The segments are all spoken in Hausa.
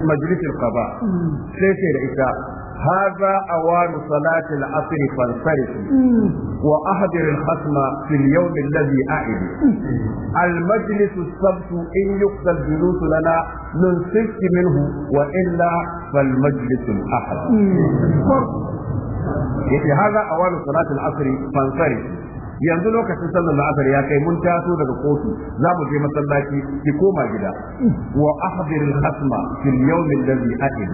مجلس القضاء سيسير إساء هذا أوان صلاة العصر فانصرف وأحضر الخصم في اليوم الذي أعد المجلس السبت إن يقضى الجلوس لنا ننسك منه وإلا فالمجلس الأحد يقول هذا أوان صلاة العصر فانصرف yanzu lokacin sallar la'asar ya kai mun taso daga kotu za mu je masallaci ki koma gida wa ahdir al-hasma fil yawm alladhi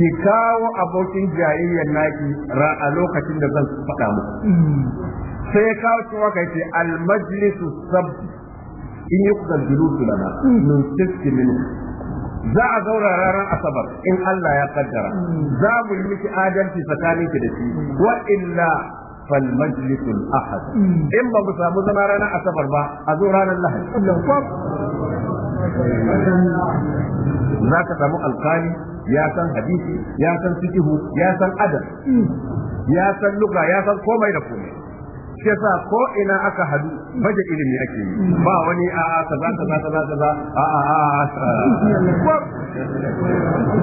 ki kawo abokin jayayyar naki ra a lokacin da zan faɗa muku sai kawo cewa kai ce al-majlisu sab in yuqdal lana nun tiski minhu za a zaura ranar asabar in Allah ya kaddara za mu yi miki adalci tsakaninki da shi wa illa fal majlisul ahad mm. in ba mu samu zama ranar asabar ba a zo ranar lahadi za samu alkali ya san hadisi ya san fiqhu ya san adab mm. ya san lugha ya san komai da komai shi yasa ko aka hadu baje ilimi ake yi mm. ba wani a kaza kaza kaza kaza a a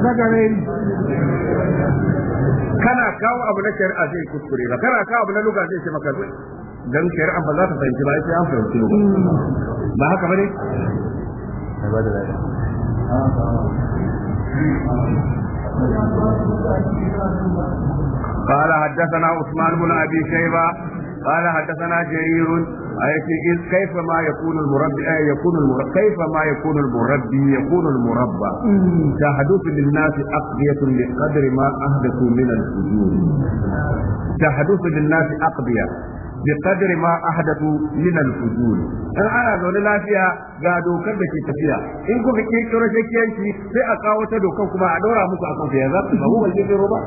a a kawo abu na shari'a zai kuskure ba kana kawo abu na luga zai ce maka dan shari'a ba za ta fahimci ba sai an fahimci ba haka bane قال حدثنا عثمان بن ابي شيبه قال حدثنا جرير ayati iz kaifa ma yakunu al ay yakunu al kaifa ma yakunu al yakunu al Ta tahduthu lin-nas aqdiyatun ma ahdathu min al-sujud tahduthu lin aqdiya bi ma ahdathu min al in ana zaune lafiya ga dokar da ke tafiya in kuka kirkiro shakiyanci sai a kawo ta dokar kuma a daura muku akan fiye za ku samu ba ba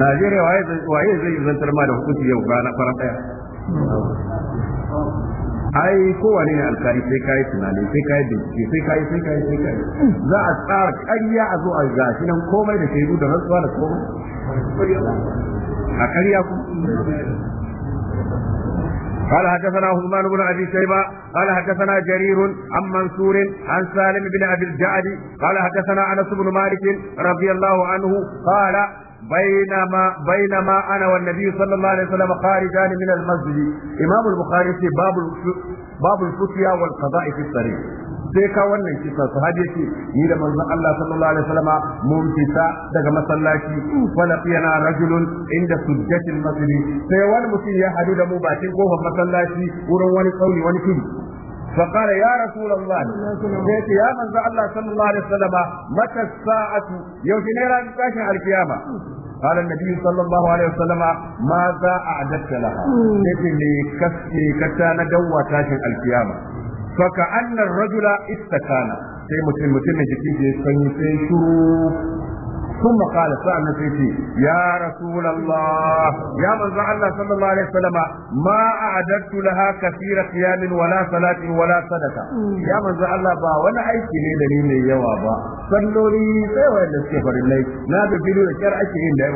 Najeriya waye zai zantar ma da hukunci yau na fara daya ai kowane ne sai tunani sai bincike sai sai sai za a tsara ƙarya a zo a gashi nan komai da shaidu da rantsuwa da komai a ƙarya ku قال حدثنا عثمان بن ابي شيبه قال حدثنا جرير عن منصور عن سالم بن ابي الجعد قال حدثنا انس بن مالك رضي الله عنه قال بينما بينما انا والنبي صلى الله عليه وسلم خارجان من المسجد امام البخاري في باب باب الفتيا والقضاء في الطريق sai ka wannan kisa sahabi ce ni da manzon Allah sallallahu alaihi wasallam mun fita daga masallaci fa laqiyana rajulun inda sujjatil masjid sai wani mutum ya hadu da mu bakin kofar masallaci wurin wani tsauni wani tudu فقال يا رسول الله قلت يا من الله صلى الله عليه وسلم متى الساعة يوم نيرا تاشن القيامة قال النبي صلى الله عليه وسلم ماذا أعددت لها قلت لي كسي كتانا دوا تاشن القيامة فكأن الرجل استكان sai mutum mutumin jikin ya sanyi sai shuru ثم قال سألنا سيدي يا رسول الله يا من الله صلى الله عليه وسلم ما أعددت لها كثير قيام ولا صلاة ولا صدقة يا من الله با وانا aiki ne da ni mai yawa ba salloli sai wanda suke farillai na da filu da kyar ake yin da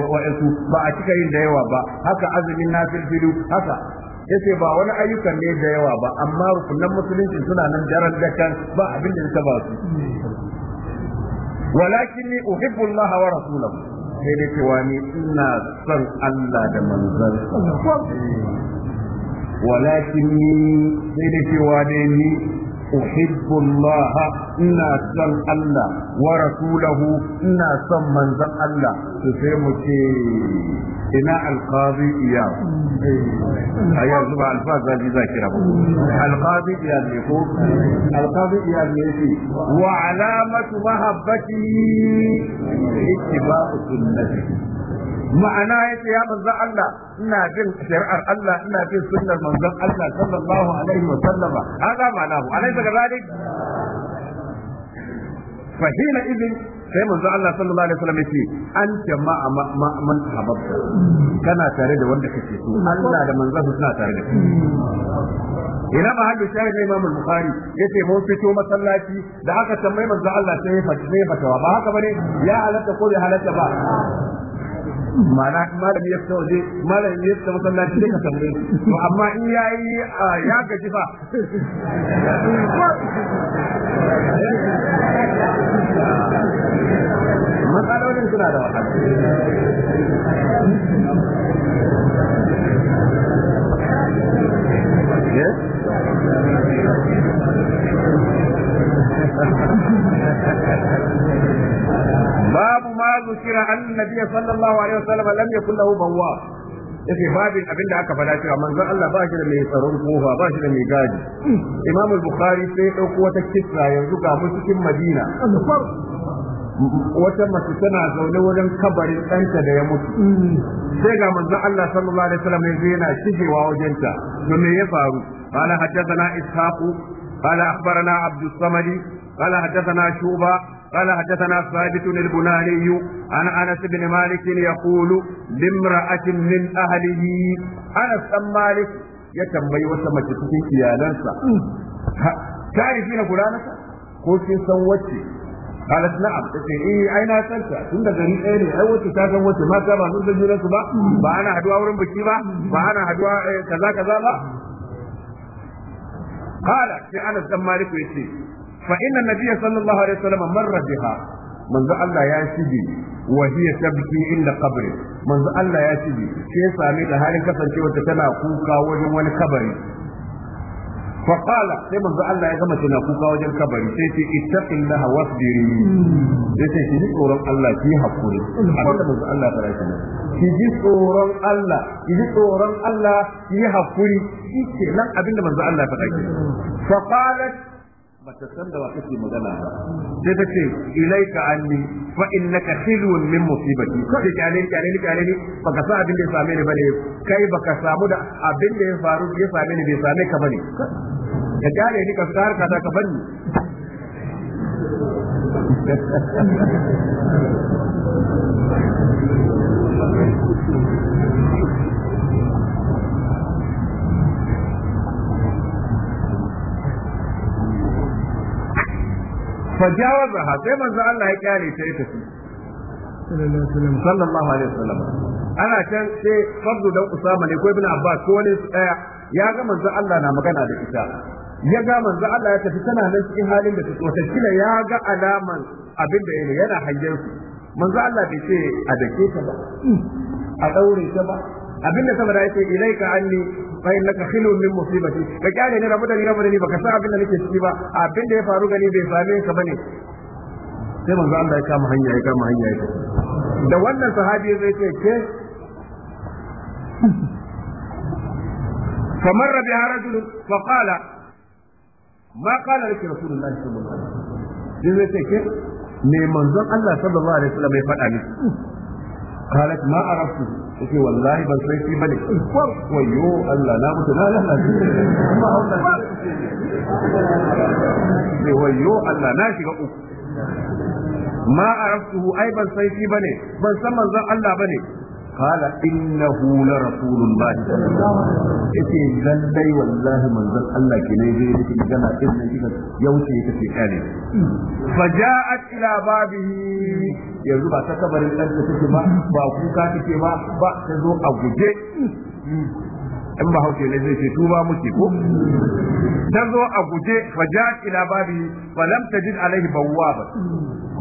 ba a cika yin da yawa ba haka azumin na filfilu haka yace ba wani ayyukan ne da yawa ba amma rukunan musulunci suna nan daren dakan ba abinda da suka ba walakinni uhibbu Allah wa rasulahu sai dai cewa ni ina son Allah da manzon sai ni أحب الله إنا سن الله ورسوله إنا سن من الله to sai mu ce ina alqazi iya mm. a yanzu ba alfa zaji za kira ba alqazi iya ne ko iya ne shi wa alamatu mahabbati ittiba'u sunnati ma'ana yace ya manzo Allah ina bin shari'ar Allah ina bin sunnar Allah sallallahu alaihi wa sallama hada ma'anahu alaysa kadhalik sai manzo Allah sallallahu alaihi wasallam yace an ma man hababta kana tare da wanda kake so Allah da manzo suna tare da kai ina ba hadda sai da Imam Bukhari yace mun fito masallaci da haka tambayi manzo Allah sai ya fatawa fatawa ba haka bane ya halatta ko bai halatta ba mana malami ya fito waje malami ya fito masallaci da ka to amma in yayi ya gaji fa suna da wahala babu ma zukira annabi sallallahu alaihi wasallam lam yakul lahu bawwab yake babin abin da aka fada cewa manzon Allah ba shi da mai tsaron kofa ba shi da mai gadi Imam Bukhari sai ya dauko wata kissa yanzu ga musu cikin Madina wata masu tana zaune wajen kabarin ɗanta da ya mutu sai ga manzan Allah sallallahu Alaihi wasallam ya zina shigewa wajenta domin ya faru ba na hajjata na ishaku ba na akbara na abdussamari ba na na shuba ba na na sabitu na ribu na aliyu maliki ne ya kulu limra a cin min ahalihi ana san maliki ya tambayi wata mace cikin iyalansa. ta yi fi na gudanaka ko cin san wacce قالت نعم تسي ايه اين سالتا tunda gari ɗaya ne ai wacce ta san wacce mata ba sun san junan su ba ba ana haduwa wurin biki ba ba ana haduwa kaza kaza ba qala sai Anas dan Malik yace fa inna an-nabiy sallallahu alaihi wasallam marra biha manzo Allah ya shige wa hiya tabki inda qabri manzo Allah ya shige sai same da halin kasancewa tana kuka wajen wani kabari فقال sai manzo Allah ya gama tana kuka wajen kabari sai ce ittaqillah wasbiri sai ce ki tsoron Allah ki hakuri abin da manzo Allah ya fara ki ki ji tsoron Allah ki ji tsoron ki nan Allah ya bata san da wa kake magana ba sai ta ce ilaika anni fa innaka khilwun min musibati ko da kyale kyale ni kyale ni baka sa abin da ya same ni bane kai baka samu da abin da ya faru ya same ni bai same ka bane ka kyale ni ka tsar ka ka bani fajawazaha sai manzo Allah ya kyale ta ya tafi sallallahu alaihi wasallam ana can sai fabdu dan usama ne ko ibn abbas ko wani ɗaya ya ga manzo Allah na magana da ita ya ga manzo Allah ya tafi tana nan cikin halin da ta wata kila ya ga alaman abin da yana yana hangen su manzo Allah bai ce a dake ta ba a daure ta ba abin da saboda yake fa ka khilun min musibati ka kyale ne rabu da ni rabu da ni baka san abin da nake ciki ba abin da ya faru gani bai same ka bane sai manzo Allah ya kama hanya ya kama hanya ya da wannan sahabi zai ce ke فمر بها رجل فقال ما قال لك رسول الله صلى الله عليه وسلم zai ce ke me manzon Allah sallallahu alaihi wasallam ya faɗa miki قالت ما عرفت تقول والله بل سيفي بني ويو الله لا مت لا لا ويو الله ناشي ga uku ma araftuhu ai ban san shi bane ban san manzon Allah bane قال إنه لرسول الله صلى الله عليه وسلم إتي للي والله من ذل الله كني جيرتي جنا إذن جيرت يوشي تفي حالي فجاءت إلى بابه yanzu ba ta kabarin ɗan da take ba ba kuka take ba ba ta zo a guje in ba hauke ne zai ce tuba muke ko ta zo a guje fajat ila babi falam tajid alaihi bawwaba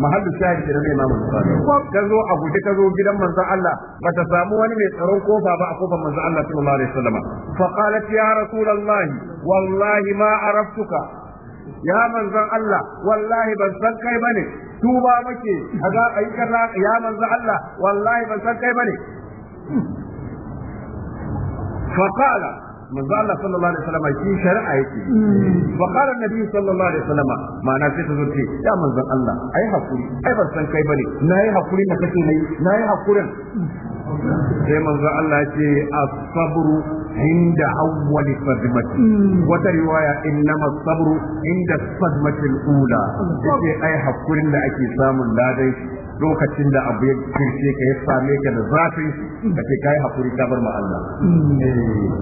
mahallu shahid da Imam Bukhari ta zo a guje ta zo gidan manzon Allah ba ta samu wani mai tsaron kofa ba a kofar manzon Allah sallallahu alaihi wasallam fa qalat ya rasulullah wallahi ma araftuka ya manzon Allah wallahi ban san kai bane tuba muke kaza ayi kaza ya manzon Allah wallahi ban san kai bane فقال من قال صلى الله عليه وسلم في شرع فقال النبي صلى الله عليه وسلم ما sai ta zurfi ya manzon Allah ai hakuri ai ban san kai bane nayi hakuri na kace nayi nayi hakurin sai manzo Allah ya ce as-sabru inda awwal sadmati mm. wata riwaya innama as-sabru inda sadmati al-ula sai ai hakurin da ake samun ladai lokacin da abu ya kirce ka ya same ka da zafi. ka ce kai hakuri ka bar ma Allah mm. eh.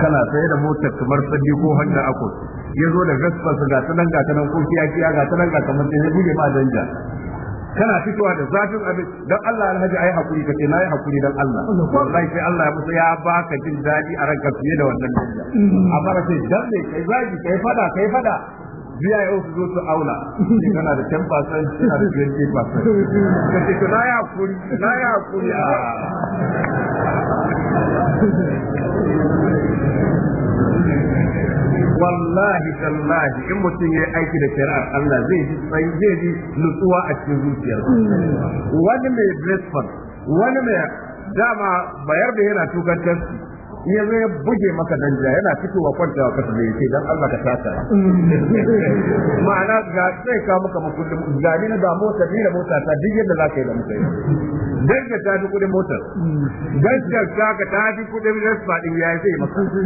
kana sai da motar kamar sabbi ko handa akwai ya zo da gasfarsa ga ta ga tanan nan ko kiya kiya ga ta ga kamar sai ya buge ba danja kana fitowa da zafin abin don Allah alhaji ayi hakuri kace na yi hakuri don Allah wallahi sai Allah ya musu ya baka jin daɗi a ranka fiye da wannan danja mm. amma ba sai dan ne kai zaki kai fada kai fada biya yau su zo su aula sai kana da 10% kana da 20% kace to na yi hakuri na yi hakuri wallahi tallahi in mutum ya aiki da shari'ar Allah zai ji tsayi zai ji nutsuwa a cikin zuciyar hmm. wani mai breakfast wani mai dama bayar da yana tukan taski ya zo ya buge maka danja yana fitowa kwantawa kasa da yake dan Allah ka tata ma'ana ga sai ka maka makullin gani na ga mota ni da mota ta duk yadda zaka yi da mutane danja ka tafi kudin mota. danja ta ka tafi kudin rasfa din ya sai maka to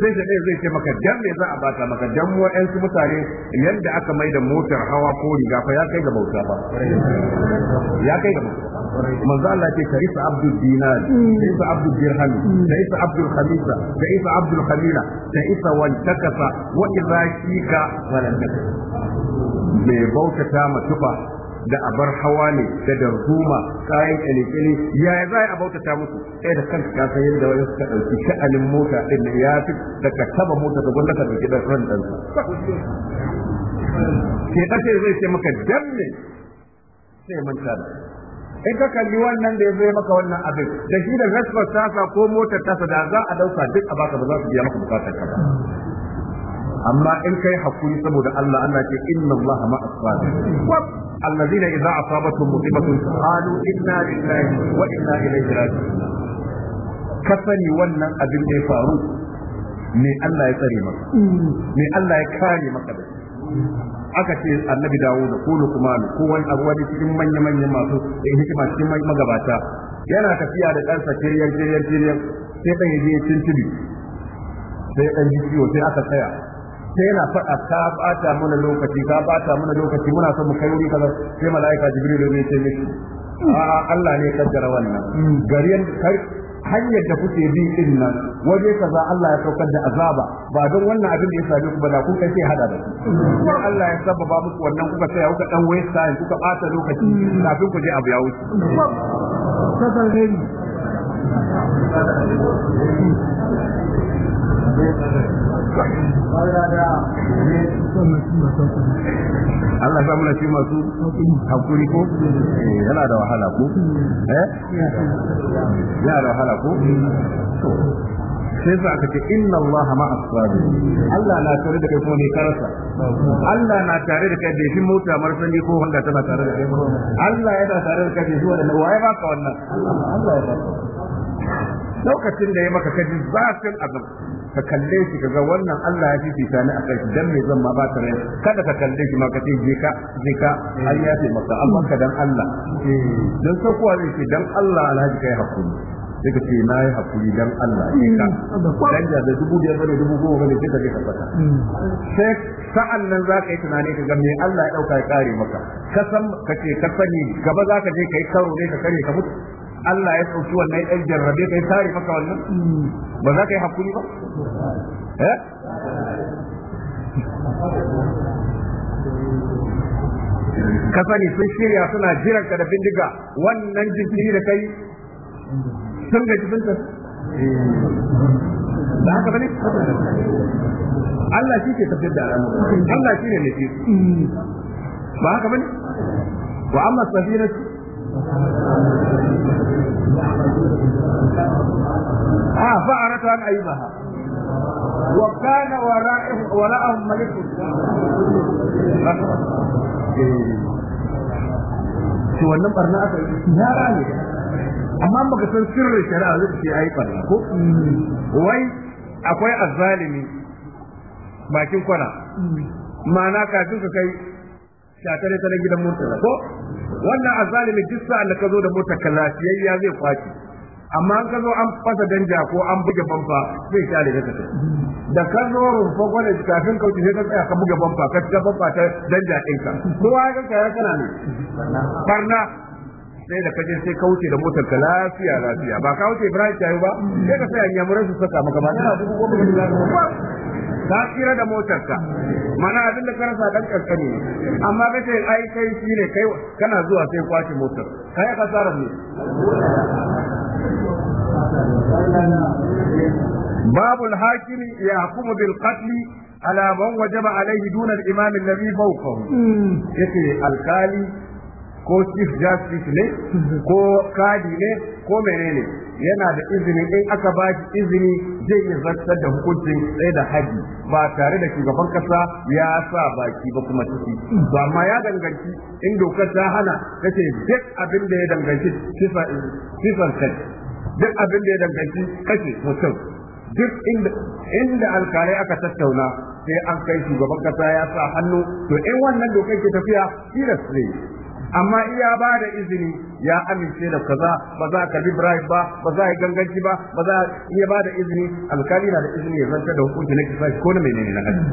sai sai zai ce maka dan me za a bata maka dan mu ɗan su mutane yanda aka mai da motar hawa ko riga fa ya kai ga bauta ba ya kai ga bauta manzo Allah ce karisa abdul dinar karisa abdul dirham karisa عبد khamisa da عبد الخليل khamila da واذا wantakasa wa idza mai bautata matufa da abar hawa ne da darduma kayan kyale ya yaya za a bautata musu sai da kanka ka san yadda wani suka ɗauki sha'anin mota ɗin ya fi daga taba mota da gwanda ka ɗauki ɗan ran ɗansa ke ɗace zai ce maka danne sai manta da in ka kalli wannan da ya zo maka wannan abin da shi da rasfar tasa ko motar tasa da za a dauka duk a baka ba za su biya maka bukatar ka amma in kai hakuri saboda Allah Allah ce inna Allah ma asfali alladhina idza asabatuhum musibatun qalu inna lillahi wa inna ilaihi raji'un ka sani wannan abin da ya faru me Allah ya tsare kare aka ce annabi dawo da kuma ne ko wani abu wani cikin manya-manyan masu eh, hikima cikin magabata yana tafiya da ɗansa kiriyar kiriyar kiriyar sai ɗan yaje tuntubi sai ɗan ji ciwo sai aka tsaya sai yana faɗa ka bata mana lokaci ka bata mana lokaci muna son mu kai wuri kaza sai mala'ika jibril ne ya ce mishi a Allah ne ya kaddara wannan gariyan hanyar da kuke bi din nan waje kaza Allah ya saukar da azaba ba don wannan abin da ya same ku ba da kun kai sai hada ba ku Allah ya sababa muku wannan kuka sai kuka dan waste time kuka bata lokaci kafin ku je abu ya wuce Allah sa muna shi masu hakuri ko eh, yana da wahala ko eh yana da wahala ko sai za aka ce inna Allah ma sabirin Allah na tare da kai kuma ne karasa Allah na tare da kai da shi mota marfani ko wanda tana tare da kai Allah yana tare da kai da shi wanda ba baka wannan Allah ya baka lokacin da ya maka kaji zafin azab ka kalle shi ga wannan Allah ya fifita ni akai dan me zan ma ba ta rai kada ka kalle shi ma ka ce je ka je ka har ya ce maka Allah. ka dan Allah dan so kuwa zai ce dan Allah alhaji kai hakuri sai ka ce na yi hakuri dan Allah ya ka dan da da dubu biyar bane dubu goma bane sai ka je ka saka sai sa'an nan za ka yi tunani ka ga me Allah ya dauka ya kare maka ka san ka ce ka sani gaba za ka je kai karo ne ka kare ka mutu Allah ya ɗauki wannan ɗan jarrabe kai tare maka wannan ba za ka yi hakuri ba eh ka sani sun shirya suna jiran ka da bindiga wannan jinkiri da kai sun gaji sun ta da haka bane Allah shi ke tafiyar da al'amura Allah shi ne mai ba haka bane wa amma na safinatu ha fa'aratu an ayyibaha wa kana wara'ahum malikun to wannan barna aka yi yara ne amma baka san sirrin shari'a zai ce ai barna ko wai akwai azzalimi bakin kwana ma'ana kafin ka kai shatare ta gidan murtala ko wannan azalimi duk sa'an da ka zo da motar ka lafiyayya zai kwaci amma an ka zo an fasa danja ko an buge bamfa zai da ka da ka zo rumfa gwada kafin kauce sai ka tsaya ka buge bamfa ka ga bamfa ta danja ɗinka ko wa ga kayar kana ne barna sai da kaje sai ka wuce da motar ka lafiya lafiya ba ka wuce Ibrahim yi ba sai ka tsaya ya mura su saka maka ba ka tsira da motarka mana abin da kana sa dan ne amma kace ai kai ne kai kana zuwa sai kwace motar kai ka tsara ne باب الحاكم يحكم بالقتل على من وجب عليه دون الإمام الذي فوقه يقول القالي ko chief justice ne ko kadi ne ko menene yana da izini in aka ba shi izini zai iya zartar da hukuncin tsaye da haji ba tare da shugaban kasa ya sa baki ba kuma ciki to amma ya danganci in dokar ta hana kace duk abin da ya danganci sifar kai duk abin da ya danganci kace mutum duk inda alkalai aka tattauna sai an kai shugaban kasa ya sa hannu to in wannan dokar ke tafiya tilas ne amma iya ba da izini ya amince da kaza ba za ka libra ba ba za ka ganganci ba ba za iya ba da izini alkali na da izini ya zanta da hukunci na kisa ko na menene na kaji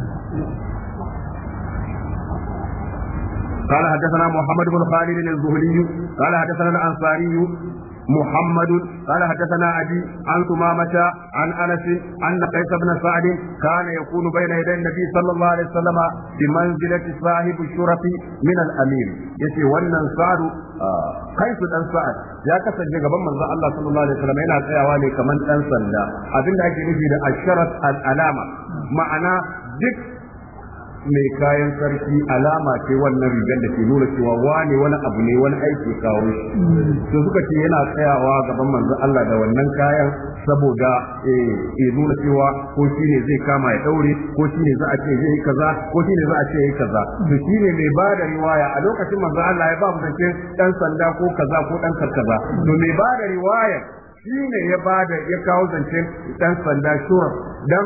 قال حدثنا محمد بن خالد الزهري قال حدثنا الانصاري محمد قال حدثنا أبي عن ثمامة عن أنس أن قيس بن سعد كان يكون بين يدي النبي صلى الله عليه وسلم بمنزلة صاحب الشرف من الأمير يسي ونن سعد قيس بن سعد ya kasance gaban manzon Allah sallallahu alaihi wasallam yana tsayawa ne kaman dan sanda abinda ake nufi da asharat al-alama ma'ana duk mai kayan sarki alama ce wannan rigar da ke nuna cewa wani wani abu ne wani aiki kawo shi to suka ce yana tsayawa gaban manzon Allah da wannan kayan saboda eh, ya nuna cewa ko shi ne zai kama ya daure ko shi ne za a ce zai kaza ko shi ne za a ce yayi kaza to shi ne mai ba da riwaya a lokacin manzon Allah ya ba mu dan sanda ko kaza ko dan karkaza to mai ba riwaya shi ne ya bada ya kawo zancen dan sanda shura dan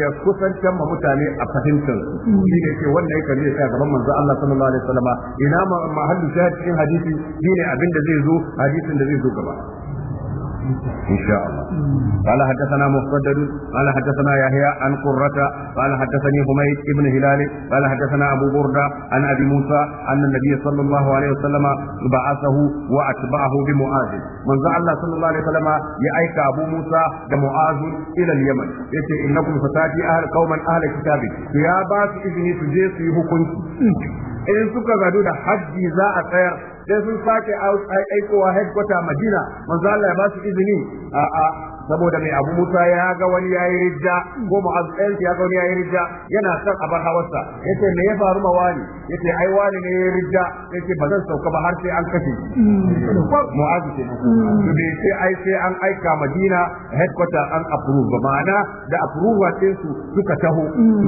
ya kusantar ma mutane a fahimtar shi ne ke wannan yakan zai tsaya gaban manzo Allah sallallahu alaihi wasallam ina ma mahallu shahid cikin hadisi shi ne abin da zai zo hadisin da zai zo gaba إن شاء الله قال حدثنا مسدد قال حدثنا يحيى عن قرة قال حدثني حميد بن هلال قال حدثنا أبو بردة عن أبي موسى أن النبي صلى الله عليه وسلم بعثه وأتبعه بمعاذ من زعل الله صلى الله عليه وسلم يأيك أبو موسى بمعاذ إلى اليمن يتي إنكم ستاتي أهل قوما أهل كتاب فيا باس إذني تجيسي هكونتي in suka gadu da hajji za a tsayar sai sun sake aikowa headquarter Madina manzo Allah ya ba su izini a a saboda mai abu musa ya ga wani yi rijja ko mu'az ɗayansu ya ga wani yi rijja yana son a bar hawarsa ce me ya faru ma wani yace ai wani ne ya yi rijja yace ba zan sauka ba har sai an kashe mu'az ce to bai sai ai sai an aika madina headquarter an approve ba ma'ana da approval din su suka taho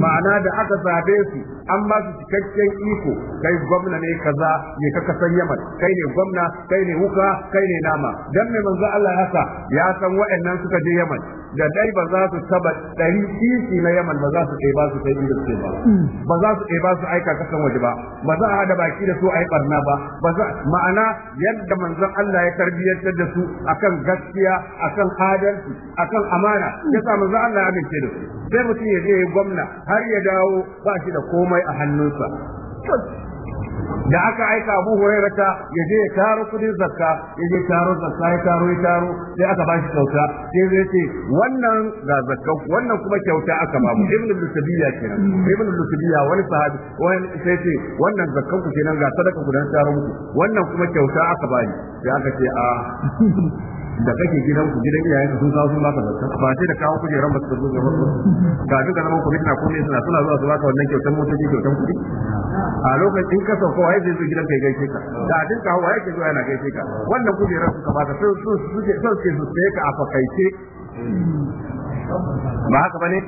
ma'ana da aka zabe su an ba su cikakken iko kai gwamna ne kaza ne ka kasan yaman kai ne gwamna kai ne wuka kai ne nama dan mai manzo Allah ya haka ya san waɗannan su suka je yaman da dai ba za su taba ɗari kisi na yaman ba za su ɗai ba su kai inda suke ba mm. ba za su ɗai ba su aika kasan waje ba ba za a haɗa baki da su a yi barna ba ba ma'ana yadda manzon Allah ya tarbiyyantar da su akan gaskiya akan adalci akan amana mm. ya sa manzon Allah ya amince da su sai mutum ya je gwamna har ya dawo ba shi da komai a hannunsa da aka aika Abu Hurairah ta ya je ya taro kudin zakka ya je taro zakka ya taro ya taro sai aka ba shi kyauta sai zai ce wannan ga zakka wannan kuma kyauta aka ba mu Ibn Lusabiya kenan Ibn Lusabiya wani sahabi wani sai ce wannan zakkan ku kenan ga sadaka ku dan taro muku wannan kuma kyauta aka ba ni sai aka ce a ah. da kake gidan ku gidan iyayenka sun kawo sun baka zakka ba sai da kawo kujeran ba su zo ga wasu ga duka zaman ku mutuna komai suna suna zuwa su baka wannan kyautan motoci kyautan kuɗi a lokacin ka sauka waye zai zo gidan kai gaishe ka da abin kawo waye ke zuwa yana gaishe ka wannan kujeran ka baka sun su ke son su sai ka a fakaice ba haka bane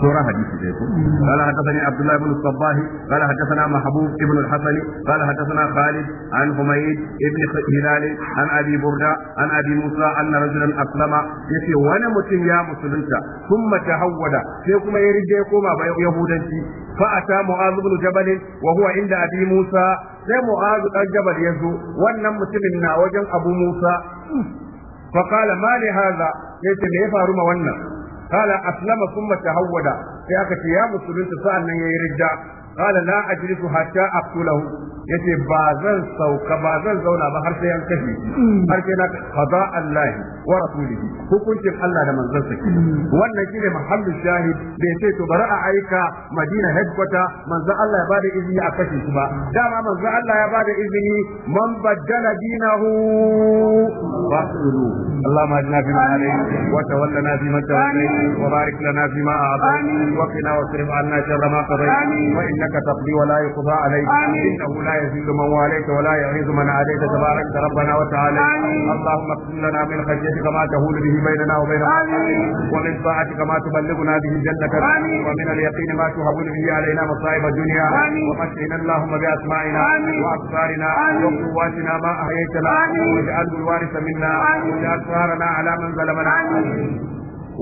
سورة حديث ديكو قال حدثني عبد الله بن الصباح قال حدثنا محبوب ابن الحسن قال حدثنا خالد عن حميد ابن هلال عن ابي بردة عن ابي موسى ان رجلا اسلم يسي وانا متن يا مسلمتا ثم تهود sai kuma ya rige koma ba yahudanci fa ata mu'az ibn jabal wa inda abi musa sai mu'azu dan jabal yanzu. wannan mutumin na wajen abu musa fa qala ma li hadha yace me ya faru ma wannan qala aslama thumma tahawwada sai aka ce ya nan ya yi ridda qala la ajlisu hatta aqtulahu yace ba zan sauka ba zan zauna ba har sai an kashe har na kaza Allah wa rasulihi hukuncin Allah da manzon sa wannan shine mahallin shahid da yace to bari a aika Madina headquarter manzon Allah ya bada izini a kashe shi ba dama manzon Allah ya bada izini man baddala dinahu fa'lu اللهم اجعلنا فيما عليك وتولنا فيما توليت وبارك لنا فيما اعطيت وقنا واصرف عنا شر ما قضيت وان إنك تقضي ولا يقضى عليك إنه لا يزيد من واليك ولا يعز من عليك تبارك ربنا وتعالى اللهم اقسم لنا من خشيتك ما تهول به بيننا وبين ومن طاعتك ما تبلغنا به جنتك ومن اليقين ما تهون به علينا مصائب الدنيا ومتعنا اللهم باسمائنا وأبصارنا وقواتنا ما أحييتنا واجعله الوارث منا واجعل ثارنا على من ظلمنا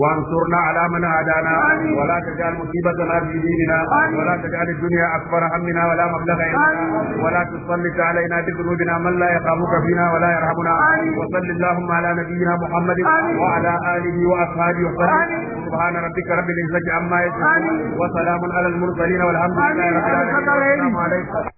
وانصرنا على من هدانا ولا تجعل مصيبتنا في ديننا ولا تجعل الدنيا اكبر همنا ولا مبلغ علمنا ولا تسلط علينا بذنوبنا من لا يخافك فينا ولا يرحمنا وصل اللهم على نبينا محمد وعلى اله واصحابه وسلم سبحان ربك رب العزه عما يصفون وسلام على المرسلين والحمد لله رب العالمين